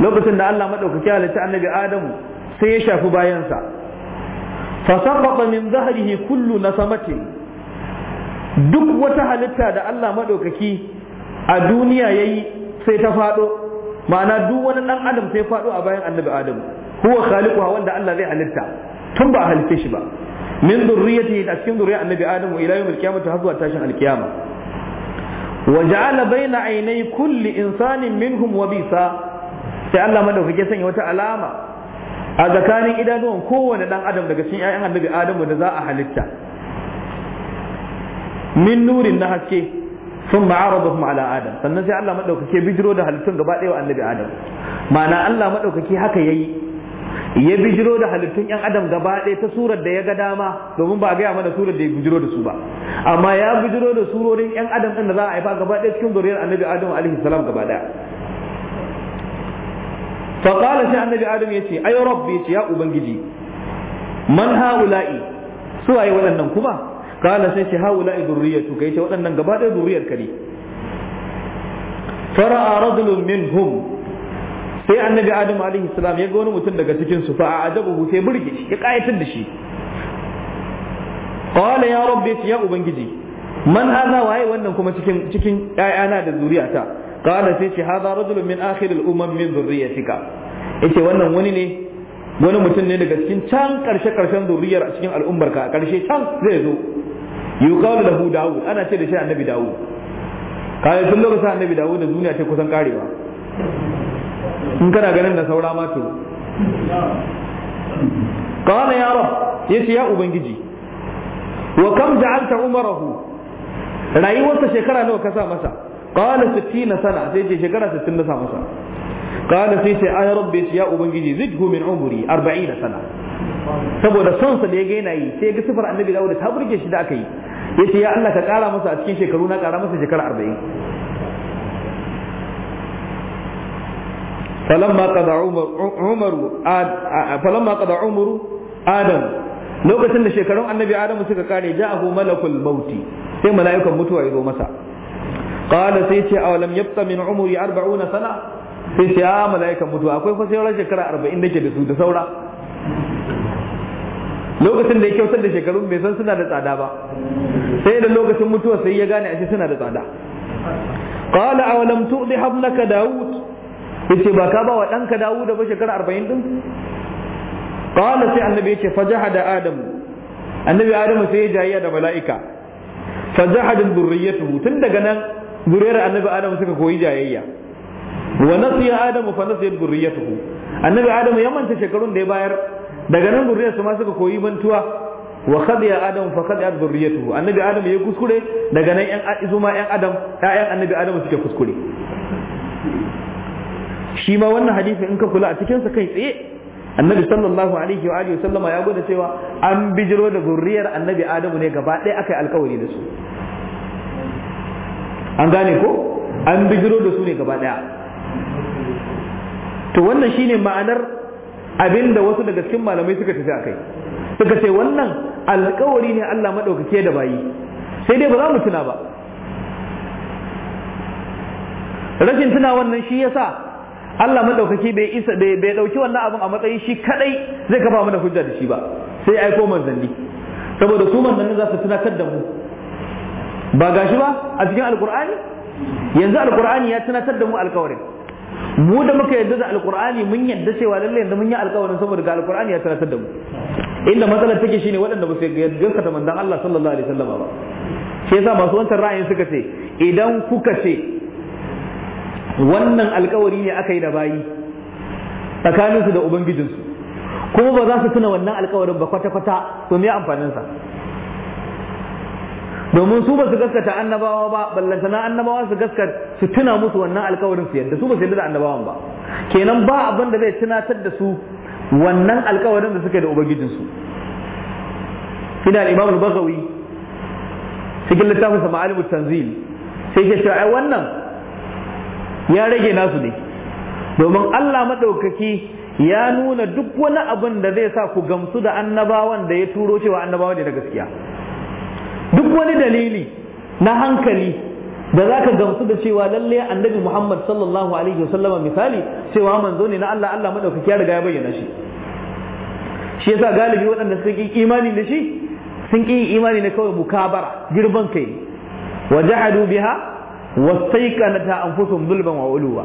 lokacin da Allah madaukaki halitta annabi adamu sai ya shafi bayansa fa saqata min dhahrihi kullu nasamatin duk wata halitta da Allah madaukaki a duniya yayi sai ta fado ma'ana duk wani dan adam sai fado a bayan annabi adamu huwa khaliquha wanda Allah zai halitta tun ba a halice shi ba min zurriyati a cikin zuriyar annabi adam wa ila yawmil qiyamati har zuwa tashin alkiyama wa ja'ala baina aynai kulli insanin minhum wa bisa sai Allah madaukake sanya wata alama a zakanin idanuwan kowane dan adam daga cikin ƴaƴan annabi adamu da za a halitta min nurin na haske sun ma'aradahum ala adam sannan sai Allah madaukake bijiro da halittun gaba ɗaya wa annabi adam ma'ana Allah madaukake haka yayi ya bijiro da halittun yan adam gaba ɗaya ta surar da ya ga dama domin ba a gaya mana surar da ya bijiro da su ba amma ya bijiro da surorin yan adam ɗin da za a haifa gaba ɗaya cikin zuriyar annabi adam alaihi salam gaba ɗaya fa qala sai annabi adam yace ay rabbi yace ya ubangiji man haula'i su ai waɗannan kuma qala sai shi haula'i zurriyatu kai ce waɗannan gaba ɗaya zuriyar ka ne fara'a rajulun minhum sai annabi adam alaihi salam ya ga wani mutum daga cikin su fa ajabahu sai burge shi ya kayatar da shi qala ya rabbi ya ubangiji man hadha waye wannan kuma cikin cikin ƴaƴana da zuriyata qala sai ce hadha rajulun min akhir al umam min zurriyatika yace wannan wani ne wani mutum ne daga cikin can karshe karshen zuriyar a cikin al'ummarka a karshe can zai zo yuqalu lahu daud ana ce da shi annabi daud kai tun lokacin annabi daud da duniya ta kusan karewa in kana ganin da saura ma to qala ya rab yace ya ubangiji wa kam ja'alta umarahu rayuwarsa shekara nawa ka sa masa qala 60 sana sai ce shekara 60 na sa masa qala sai ce ay rabbi ya ubangiji zidhu min umri 40 sana saboda son sa da ya yana yi sai ga sifar annabi Dawud ta burge shi da aka yi yace ya Allah ka kara masa a cikin shekaru na kara masa shekara 40 falamma qada umar umaru falamma umaru adam lokacin da shekarun annabi adamu suka kare ja'ahu malakul mauti sai mala'ikan mutuwa ya zo masa qala sai ce awalam yabqa min umri 40 sana sai ce a mala'ikan mutuwa akwai fa sauran shekara 40 nake da su da saura lokacin da ya kyautar da shekarun bai san suna da tsada ba sai da lokacin mutuwa sai ya gane ashe suna da tsada qala awalam tu'di hablaka daud yace ba ka ba wa ɗanka dawo da ba shekara arba'in din qala sai annabi yace fajahada adam annabi adam sai ya jayiya da mala'ika fajahada dhurriyyatuhu tun daga nan zuriyar annabi adam suka koyi jayayya wa nasiya adamu fa nasiya dhurriyyatuhu annabi adam ya manta shekarun da ya bayar daga nan zuriyar su ma suka koyi mantuwa wa khadiya adam fa khadiya dhurriyyatuhu annabi adam ya kuskure daga nan ƴan izuma yan adam ƴaƴan annabi adam suka kuskure shi ma wannan hadisi in ka kula a cikinsa kai tsaye annabi sallallahu alaihi wa alihi sallama ya gwada cewa an bijiro da zurriyar annabi adamu ne gaba ɗaya aka yi alkawari da su an gane ko an bijiro da su ne gaba ɗaya to wannan shine ma'anar abin da wasu daga cikin malamai suka tafi a kai suka ce wannan alkawari ne Allah maɗaukake da bayi sai dai ba za mu tuna ba rashin tuna wannan shi yasa Allah madaukaki bai isa bai dauki wannan abin a matsayin shi kadai zai kafa mana hujja da shi ba sai aiko manzanni saboda su manzanni za su tunatar da mu ba gashi ba a cikin alkur'ani yanzu alkur'ani ya tunatar da mu alkawarin mu da muka yarda da alkur'ani mun yarda cewa lalle yanzu mun yi alkawarin saboda ga alkur'ani ya tunatar da mu inda matsalar take shine waɗanda ba su yarda da manzon Allah sallallahu alaihi wasallam ba shi yasa masu wancan ra'ayin suka ce idan kuka ce wannan alkawari ne aka yi da bayi tsakaninsu da ubangijinsu kuma ba za su tuna wannan alkawarin ba kwata-kwata to me amfaninsa domin su ba su gaskata annabawa ba ballantana annabawa su gaskata su tuna musu wannan alkawarin su yadda su ba su yadda da annabawan ba kenan ba abin da zai tunatar da su wannan alkawarin da suka yi da ubangijinsu ina al-imam al cikin littafin sa ma'alimut tanzil sai ke cewa ai wannan ya rage nasu ne domin Allah maɗaukaki ya nuna duk wani abin da zai sa ku gamsu da annabawan da ya turo cewa annabawa ne na gaskiya duk wani dalili na hankali da za ka gamsu da cewa lalle annabi Muhammad sallallahu alaihi wasallama misali cewa manzo ne na Allah Allah maɗaukaki ya riga ya bayyana shi shi yasa galibi waɗanda sun ƙi imani da shi sun ƙi imani na kawai mukabara girman kai wa jahadu biha wastaiqanata anfusuhum zulban wa uluwa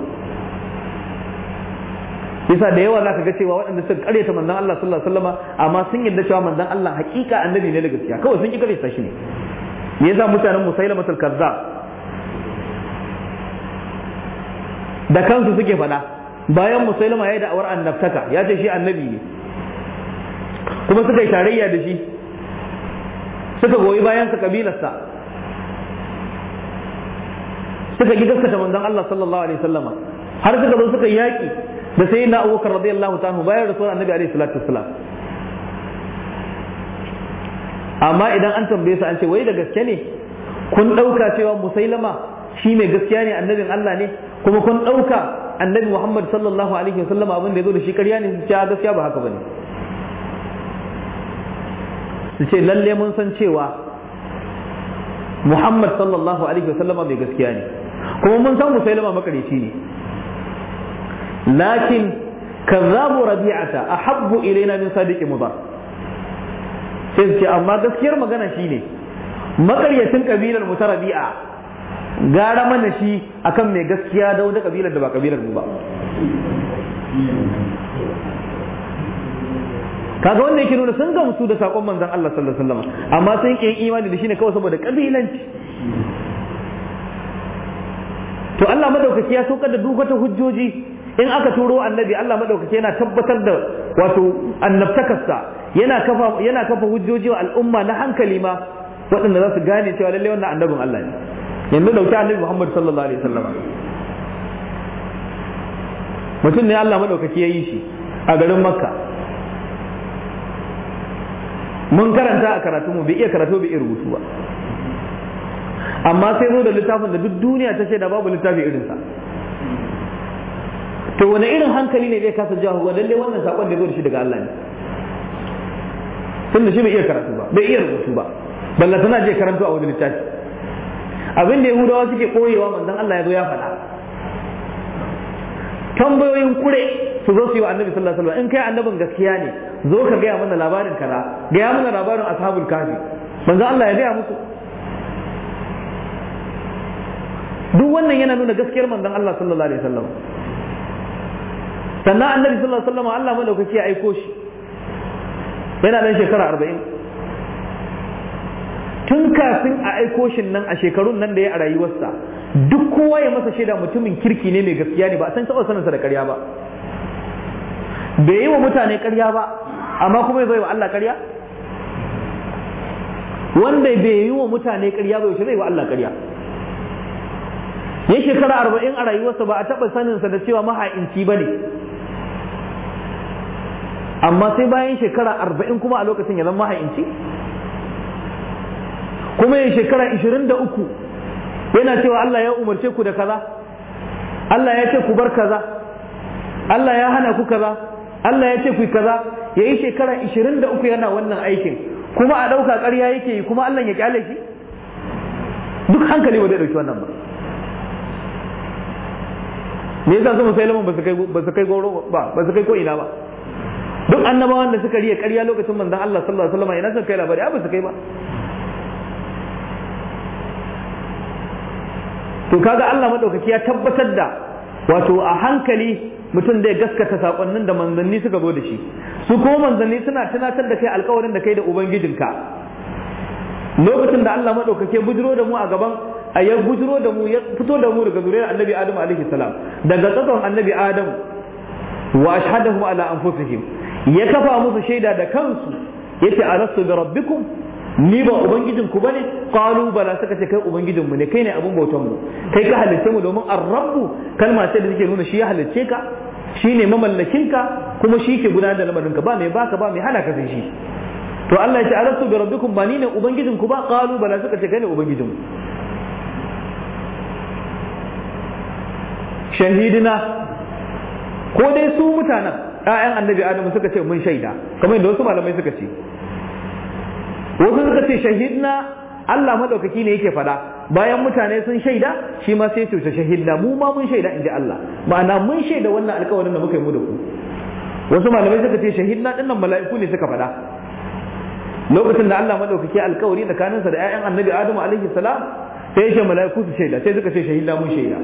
yasa da yawa zaka ga cewa waɗanda suka ta manzon Allah sallallahu alaihi wasallam amma sun yarda cewa manzon Allah hakika annabi ne da gaskiya kawai sun ki karyata shi ne me yasa mutanen musailamatul kazzab da kansu suke faɗa bayan musailama ya yi da'awar annabtaka ya ce shi annabi ne kuma suka yi tarayya da shi suka goyi bayan sa kabilarsa suka ki gaskata manzon Allah sallallahu alaihi wasallama har suka zo suka yaki da sai na Bakar radiyallahu ta'ala bayan rasul annabi alaihi salatu wassalam amma idan an tambaye su an ce wai da gaske ne kun dauka cewa musailama shi mai gaskiya ne annabin Allah ne kuma kun dauka annabi Muhammad sallallahu alaihi wasallama abin da ya da shi ƙarya ne su ce gaskiya ba haka bane su ce lalle mun san cewa Muhammad sallallahu alaihi wasallama mai gaskiya ne kuma mun san musailama makarici ne lakin kazzabu rabi'ata ahabbu ilaina min sadiqi mudar sai ce amma gaskiyar magana shine makaryacin kabilar mu ta rabi'a gara mana shi akan mai gaskiya da wata kabilar da ba kabilar mu ba kaga wanda yake nuna sun gamsu da sakon manzon Allah sallallahu alaihi wasallam amma sun ki imani da shine kawai saboda kabilanci to Allah madaukaki ya saukar da duk wata hujjoji in aka turo annabi Allah madaukaki yana tabbatar da wato annabtakarsa yana kafa yana kafa hujjoji wa al'umma na hankali ma waɗanda za su gane cewa lallai wannan annabin Allah ne yanzu dauki annabi Muhammad sallallahu alaihi wasallam mutum ne Allah madaukaki ya yi shi a garin Makka mun karanta a karatu mu bai iya karatu bai iya rubutu ba amma sai zo da littafin da duk duniya ta da babu littafi irinsa to wani irin hankali ne zai kasa jawo wa lalle wannan sakon da zo da shi daga Allah ne tun da shi bai iya karatu ba bai iya rubutu ba balla tana je karanto a wani littafi abin da yahudawa suke koyewa manzon Allah ya zo ya faɗa tambayoyin kure su zo su yi wa annabi sallallahu alaihi wasallam in kai annabin gaskiya ne zo ka gaya mana labarin kaza gaya mana labarin ashabul kafi manzon Allah ya gaya musu duk wannan yana nuna gaskiyar manzon Allah sallallahu alaihi wasallam sannan annabi sallallahu alaihi wasallam Allah madaukaki ya aiko shi yana nan shekara 40 tun kafin a aiko shi nan a shekarun nan da ya a rayuwarsa duk kowa ya masa shaida mutumin kirki ne mai gaskiya ne ba a san taɓa sanansa da ƙarya ba bai yi wa mutane ƙarya ba amma kuma bai wa Allah ƙarya wanda bai yi wa mutane ƙarya ba yaushe zai wa Allah ƙarya ya shekara arba'in a rayuwarsa ba a taɓa saninsa da cewa maha'inci ba ne amma sai bayan shekara arba'in kuma a lokacin ya zama maha'inci kuma ya shekara ishirin da uku yana cewa Allah ya umarce ku da kaza Allah ya ce ku bar kaza Allah ya hana ku kaza Allah ya ce ku kaza ya yi shekara ishirin da uku yana wannan aikin kuma a ɗauka ƙarya yake yi kuma Allah ya ƙyale shi duk hankali ba zai ɗauki wannan ba me yasa su musailiman ba su kai ba su kai goro ba ba su kai ko ina ba duk annabawan da suka riya ƙarya lokacin manzon Allah sallallahu alaihi wasallam ina sun kai labari ba su kai ba to kaga Allah madaukaki ya tabbatar da wato a hankali mutum da ya gaskata sakonnin da manzanni suka zo da shi su ko manzanni suna tunatar da kai alƙawarin da kai da ubangijinka lokacin da Allah madaukake bujiro da mu a gaban a ya bujiro da mu ya fito da mu daga zuriyar annabi adam alaihi salam daga tsatson annabi adam wa ashhadahum ala anfusihim ya kafa musu shaida da kansu yace alastu bi rabbikum ni ba ubangijin ku bane qalu bala suka ce kai ubangijin mu ne kai ne abun bautan mu kai ka halitta mu domin ar-rabbu kalma ce da take nuna shi ya halicce ka shi ne mamallakin ka kuma shi ke gudanar da lamarin ka ba mai baka ba mai hana ka sai shi to Allah ya ce alastu bi rabbikum ba ni ne ubangijin ku ba qalu bala suka ce kai ne ubangijin mu shahidina ko dai su mutanen ƴaƴan annabi adamu suka ce mun shaida kamar yadda wasu malamai suka ce wasu suka ce shahidna Allah madaukaki ne yake faɗa bayan mutane sun shaida shi ma sai ce shahidna mu ma mun shaida inji Allah ma'ana mun shaida wannan alƙawarin da muka yi mu da ku wasu malamai suka ce shahidna dinnan mala'iku ne suka faɗa lokacin da Allah madaukaki alƙawari tsakaninsa da ƴaƴan annabi Adamu alaihi salam sai ya ce mala'iku su shaida sai suka ce shahidna mun shaida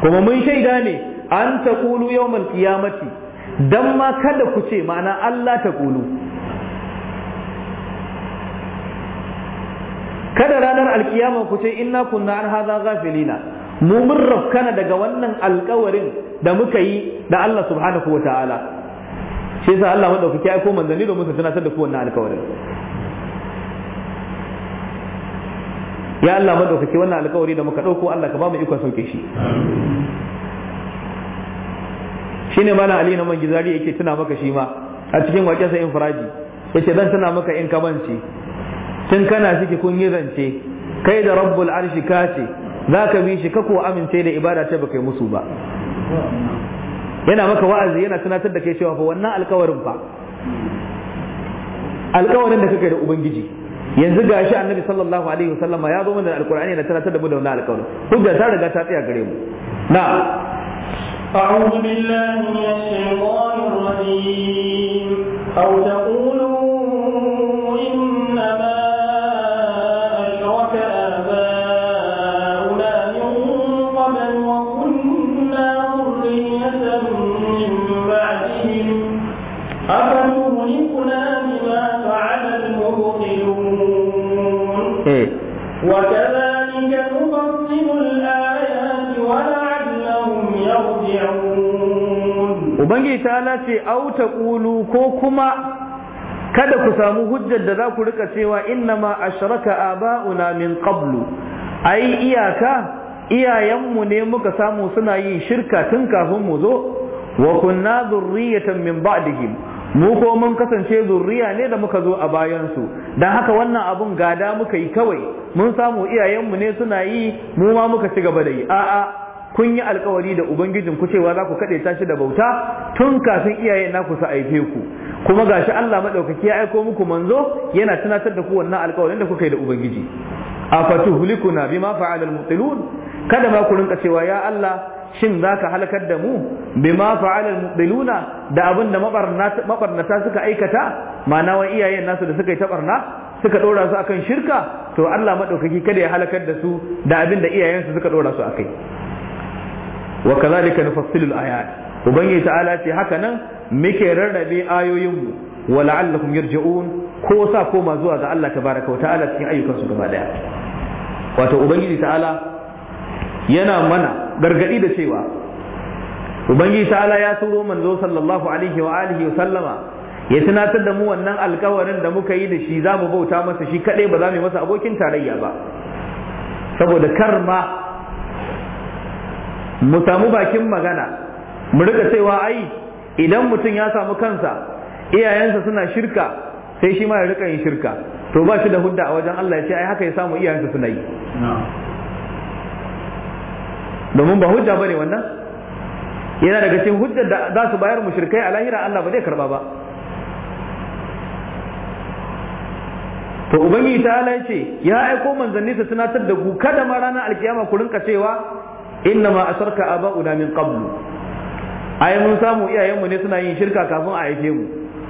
kuma mun shaida ne an ta kulu yawmal kiyamati dan ma kada ku ce ma'ana Allah ta kulu kada ranar alkiyama ku ce inna kunna an hadha ghafilina mu mun rafkana daga wannan alkawarin da muka yi da Allah subhanahu wataala shi yasa Allah madaukaki ya aiko manzanni domin su tunatar da ku wannan alkawarin ya Allah madaukake wannan alkawari da muka ɗauko, Allah ka ba mu ikon sauke shi shine mana ali na mangizari yake tuna maka shi ma a cikin waƙensa infiraji yace zan tuna maka in kamanci tun kana ciki kun yi zance kai da rabbul arshi ka ce za ka bi shi ka ko amince da ibada ta baka yi musu ba yana maka wa'azi yana tunatar da kai cewa fa wannan alkawarin fa alkawarin da kake da ubangiji yanzu ga shi annabi sallallahu alaihi wasallama ya zo mana alkur'ani na tana da mu da wannan alƙawarin hujja ta riga ta tsaya gare mu na a'udhu billahi minash shaitanir الرجيم aw taqulu وكذلك نفصل الآيات ولعلهم يرجعون وبنجي تعالى أو تقولوا كوكما kada ku samu hujjar da za ku rika cewa ma ashraka aba'una min qablu ai iyaka iyayenmu ne muka samu suna yin shirka tun kafin mu zo wa kunna zurriyatan min ba'dihim mu ko mun kasance zurriya ne da muka zo a bayansu don haka wannan abun gada muka yi kawai mun samu iyayenmu ne suna yi mu ma muka ci gaba da yi a'a kun yi alkawari da ubangijin ku cewa za ku kaɗe tashi da bauta tun kafin iyayen ku su aife ku kuma gashi Allah madaukaki ya aiko muku manzo yana tunatar da ku wannan alkawarin da kuka yi da ubangiji na bima fa'ala al kada ma ku rinka cewa ya Allah shin za ka halakar da mu bima fa'alal mubiluna da abin da mabarnata suka aikata ma'ana wa iyayen nasu da suka yi tabarna suka dora su akan shirka to Allah madaukaki kada ya halakar da su da abin da iyayen su suka dora su akai wa kadhalika nufassilu al-ayat ubangiji ta'ala ce haka nan muke rarrabe ayoyin mu wa la'allakum yarji'un ko sa koma zuwa ga Allah tabaraka wa ta'ala cikin ayyukan su gaba daya wato ubangiji ta'ala yana mana gargadi da cewa ubangiji ta'ala ya turo manzo sallallahu alaihi wa alihi wa sallama ya tunatar da mu wannan alkawarin da muka yi da shi za mu bauta masa shi kadai ba za mu yi masa abokin tarayya ba saboda kar ma mu samu bakin magana mu rika cewa ai idan mutum ya samu kansa iyayensa suna shirka sai shi ma ya rika yin shirka to ba shi da hudda a wajen Allah ya ce ai haka ya samu iyayensa suna yi domin ba hujja bane wannan yana daga cikin hujjar da za su bayar mushrikai a lahira Allah ba zai karba ba to ubangiji ta ala ce ya aiko manzanni su tunatar da ku kada ma ranar alkiyama ku rinka cewa inna ma asarka aba'una min qablu ai mun samu iyayenmu ne suna yin shirka kafin a haife mu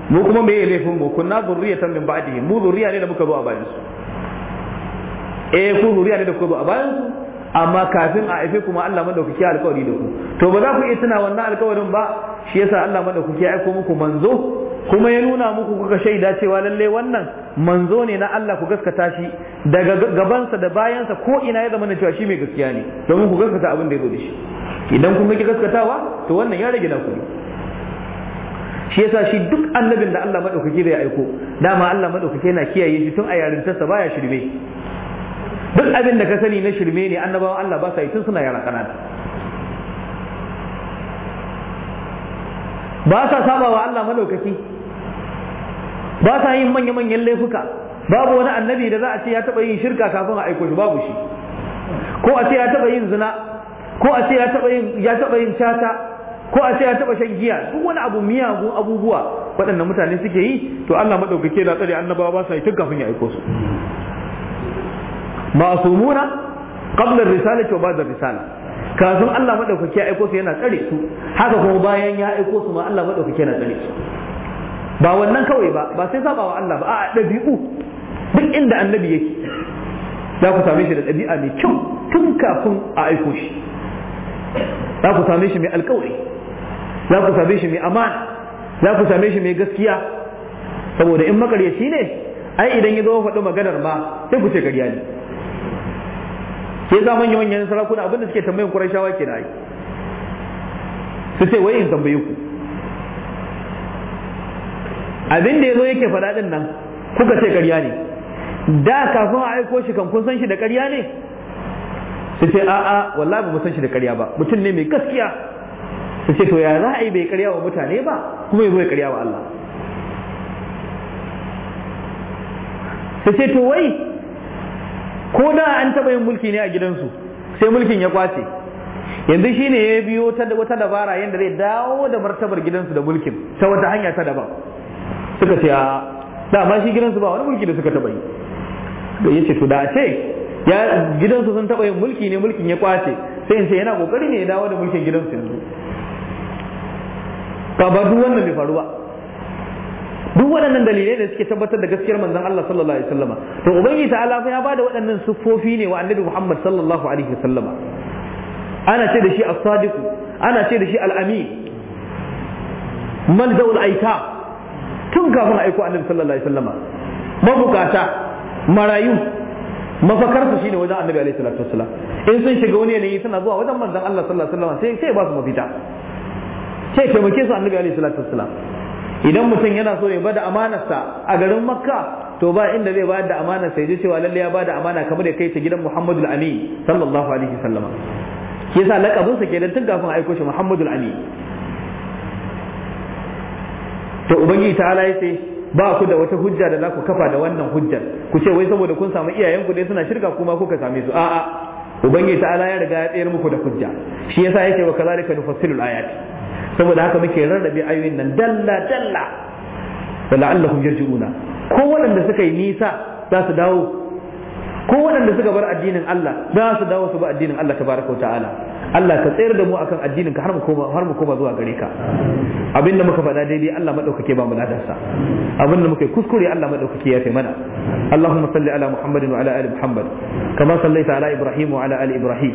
mu kuma me laifin mu kunna zurriyatan min ba'dihi mu zurriya ne da muka zo a bayan su eh ku zurriya ne da kuka zo a bayan su amma kafin a haife kuma Allah madaukaki alƙawari da ku to ba za ku iya tuna wannan alƙawarin ba shi yasa Allah madaukaki ya aiko muku manzo kuma ya nuna muku kuka shaida cewa lalle wannan manzo ne na Allah ku gaskata shi daga gabansa da bayansa ko ina ya zama na cewa shi mai gaskiya ne domin ku gaskata abin da ya zo da shi idan kun ki gaskatawa to wannan ya rage naku ne shi yasa shi duk annabin da Allah madaukaki da ya aiko dama Allah madaukaki yana kiyaye shi tun a yarintarsa baya shirme duk abin da ka sani na shirme ne annabawan Allah ba sa yi tun suna yara kanana ba sa saba wa Allah malaukaki ba sa yin manya-manyan laifuka babu wani annabi da za a ce ya taɓa yin shirka kafin a aiko shi babu shi ko a ce ya taɓa yin zina ko a ce ya taɓa yin ya yin ko a ce ya taɓa shan giya duk wani abu miyagun abubuwa waɗannan mutane suke yi to Allah maɗaukake da tsare annabawa ba sa yi tun kafin ya aiko su masumuna qabla risalati wa ba'da risala kafin Allah madaukaki ya aiko su yana tsare su haka kuma bayan ya aiko su ma Allah madaukaki yana tsare su ba wannan kawai ba ba sai saba wa Allah ba a dabi'u duk inda annabi yake za ku same shi da ɗabi'a mai kyau tun kafin a aiko shi za ku same shi mai alkawari za ku same shi mai amana za ku same shi mai gaskiya saboda in makaryaci ne ai idan ya zo faɗi maganar ma sai ku ce ƙarya ne sai za manyan manyan sarakuna abinda suke tambayin qurayshawa kenan ai su ce wai in tambaye ku abin da yazo yake faɗa din nan kuka ce ƙarya ne da kafin a aiko shi kan kun san shi da ƙarya ne su ce a'a wallahi ba mu san shi da ƙarya ba mutum ne mai gaskiya su ce to ya za a yi bai ƙarya wa mutane ba kuma ya zo ya ƙarya wa Allah su ce to wai ko da an taɓa yin mulki ne a gidansu sai mulkin ya kwace yanzu shine ya biyo ta wata dabara yadda zai dawo da martabar gidansu da mulkin ta wata hanya ta daban suka ce a dama shi gidansu ba wani mulki da suka taɓa yi da ya ce to da ce ya gidansu sun taɓa yin mulki ne mulkin ya kwace sai in ce yana kokari ne ya dawo da mulkin gidansu yanzu ka ba duk wannan bai faru ba duk waɗannan dalilai ne suke tabbatar da gaskiyar manzon Allah sallallahu alaihi wasallama to ta ta'ala ya bada waɗannan siffofi ne wa annabi Muhammad sallallahu alaihi wasallama ana ce da shi as-sadiq ana ce da shi al-amin man zaul aita tun kafin aiko annabi sallallahu alaihi wasallama mabukata marayu mafakar su shine wajen annabi alaihi salatu wasallam in sun shiga wani yanayi suna zuwa wajen manzon Allah sallallahu alaihi wasallama sai sai ba su mafita sai taimake su annabi alaihi salatu wasallam idan mutum yana so ya ba da amanarsa a garin makka to ba inda zai bayar da amanar sai ji cewa lalle ya bada amana kamar ya kai ta gidan muhammadu al'ami sallallahu alaihi wasallama yasa lakabinsa ke tun kafin aiko shi muhammadu al'ami to ubangiji ya ce ba ku da wata hujja da za ku kafa da wannan hujjar ku ce wai saboda kun samu ku ne suna shirka kuma kuka same su a'a ubangiji Ala ya riga ya tsayar muku da hujja shi yasa yake wa kazalika nufassilul ayati saboda haka muke rarrabe ayoyin nan dalla dalla wa la'allahum yarji'una ko waɗanda suka yi nisa za su dawo ko waɗanda suka bar addinin Allah za su dawo su ba addinin Allah tabaraka ta'ala Allah ka tsayar da mu akan addinin ka har mu koma har mu koma zuwa gare ka abinda muka faɗa daidai Allah madaukake ba mu ladarsa abinda muka yi kuskure Allah madaukake ya fi mana Allahumma salli ala Muhammadin wa ala ali Muhammad kama sallaita ala Ibrahim wa ala ali Ibrahim